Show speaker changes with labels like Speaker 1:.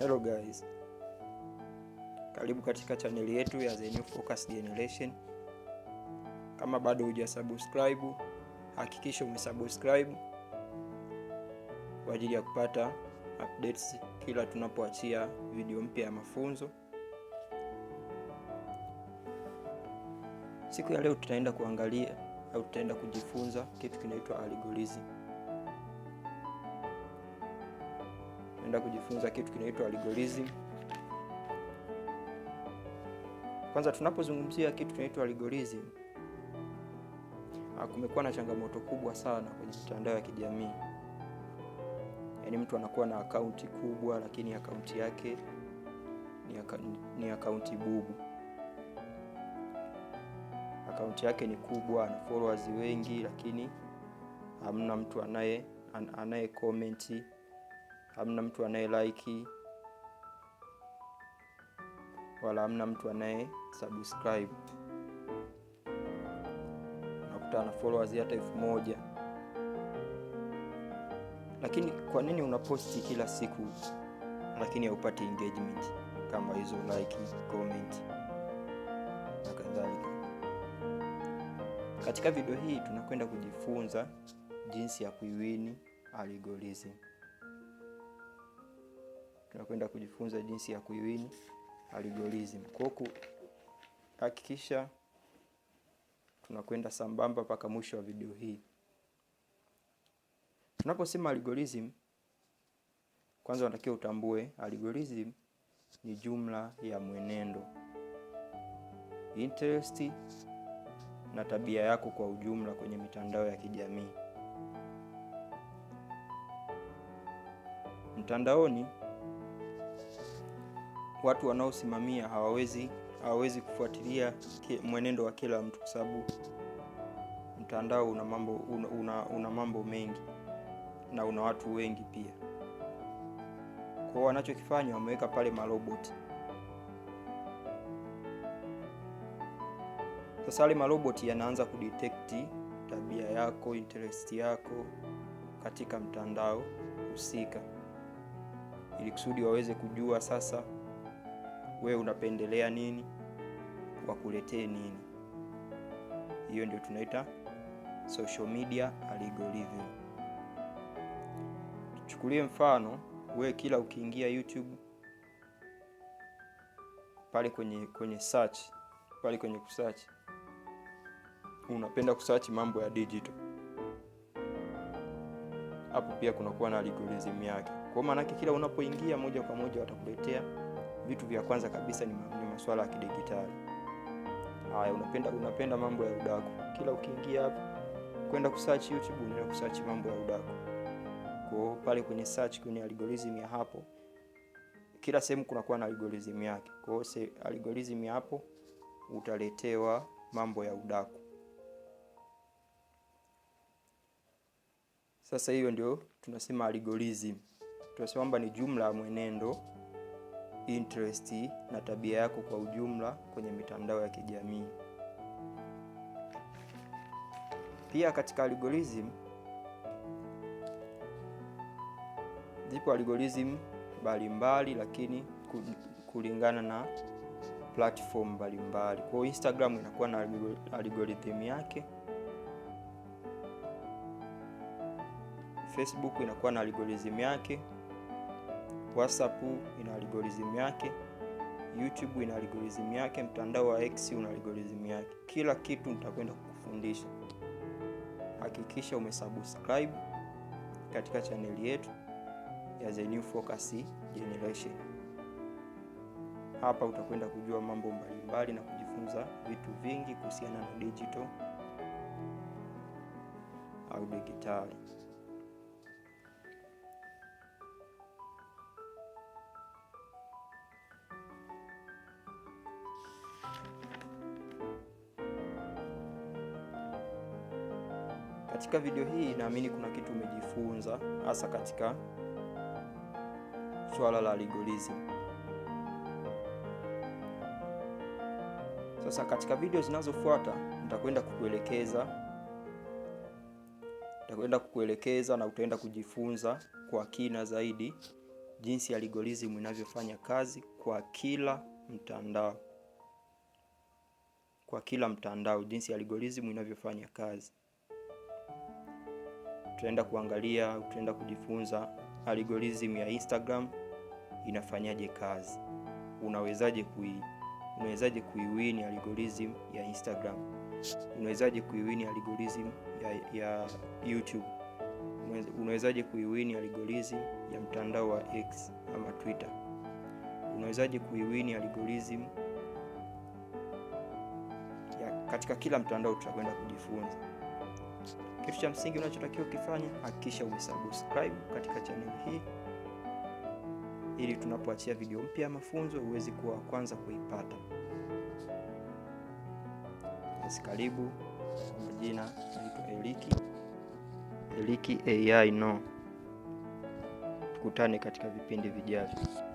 Speaker 1: Hello guys. Karibu katika chaneli yetu ya The New Focus Generation. Kama bado hujasubscribe, hakikisha umesubscribe kwa ajili ya kupata updates kila tunapoachia video mpya ya mafunzo. Siku ya leo tutaenda kuangalia au tutaenda kujifunza kitu kinaitwa algorithm. tunaenda kujifunza kitu kinaitwa algorithm. Kwanza tunapozungumzia kitu kinaitwa algorithm, ah, kumekuwa na changamoto kubwa sana kwenye mitandao ya kijamii. Yaani mtu anakuwa na akaunti kubwa, lakini akaunti yake ni akaunti bubu. Akaunti yake ni kubwa, ana followers wengi, lakini hamna mtu anaye anaye komenti hamna mtu anaye like wala hamna mtu anaye subscribe. nakuta na followers hata elfu moja. Lakini kwa nini unaposti kila siku lakini haupati engagement kama hizo like, comment na kadhalika? Katika video hii tunakwenda kujifunza jinsi ya kuiwini algorithm tunakwenda kujifunza jinsi ya kuiwini algorithm. Kwa kuhakikisha tunakwenda sambamba mpaka mwisho wa video hii. Tunaposema algorithm, kwanza unatakiwa utambue algorithm ni jumla ya mwenendo, interest na tabia yako kwa ujumla kwenye mitandao ya kijamii. Mtandaoni watu wanaosimamia hawawezi hawawezi kufuatilia mwenendo wa kila mtu, kwa sababu mtandao una mambo una, una, una mambo mengi na una watu wengi pia. Kwa hiyo wanachokifanya wameweka pale maroboti. Sasa wale maroboti yanaanza kudetect tabia yako, interest yako katika mtandao husika, ili kusudi waweze kujua sasa wewe unapendelea nini, wakuletee nini. Hiyo ndio tunaita social media algorithm. Tuchukulie mfano, wewe kila ukiingia YouTube pale kwenye kwenye search pale kwenye kusearch unapenda kusearch mambo ya digital, hapo pia kunakuwa na algorithm yake. Kwa maana kila unapoingia moja kwa moja watakuletea vitu vya kwanza kabisa ni, ni masuala ya kidigitali. Haya, unapenda unapenda mambo ya udaku, kila ukiingia hapa kwenda kusearch YouTube unaenda kusearch mambo ya udaku. Kwa hiyo pale kwenye search kwenye algorithm ya hapo, kila sehemu kunakuwa na algorithm yake. Kwa hiyo algorithm ya hapo utaletewa mambo ya udaku. Sasa hiyo ndio tunasema algorithm, tunasema kwamba ni jumla ya mwenendo interest na tabia yako kwa ujumla kwenye mitandao ya kijamii. Pia katika algorithm zipo algorithm mbalimbali, lakini kulingana na platform mbalimbali. Kwa Instagram inakuwa na algorithm yake, Facebook inakuwa na algorithm yake. WhatsApp ina algorithm yake, YouTube ina algorithm yake, mtandao wa X una algorithm yake. Kila kitu nitakwenda kukufundisha. Hakikisha umesubscribe katika chaneli yetu ya The New Focus Generation. Hapa utakwenda kujua mambo mbalimbali na kujifunza vitu vingi kuhusiana na digital au digitali. Katika video hii naamini kuna kitu umejifunza hasa katika swala la legalism. Sasa katika video zinazofuata nitakwenda kukuelekeza nitakwenda kukuelekeza na utaenda kujifunza kwa kina zaidi jinsi algorithm inavyofanya kazi kwa kila mtandao kwa kila mtandao, jinsi algorithm inavyofanya kazi tutaenda kuangalia, tutaenda kujifunza algorithm ya Instagram inafanyaje kazi, unawezaje kui unawezaje kuiwini algorithm ya Instagram, unawezaje kuiwini algorithm ya, ya YouTube, unawezaje kuiwini algorithm ya mtandao wa X ama Twitter, unawezaje kuiwini algorithm ya katika kila mtandao tutakwenda kujifunza. Kitu cha msingi unachotakiwa kufanya, hakikisha umesubscribe katika channel hii ili tunapoachia video mpya ya mafunzo uweze kuwa wa kwanza kuipata. Basi karibu. Kwa majina naitwa Eliki, Eliki AI no. Tukutane katika vipindi vijavyo.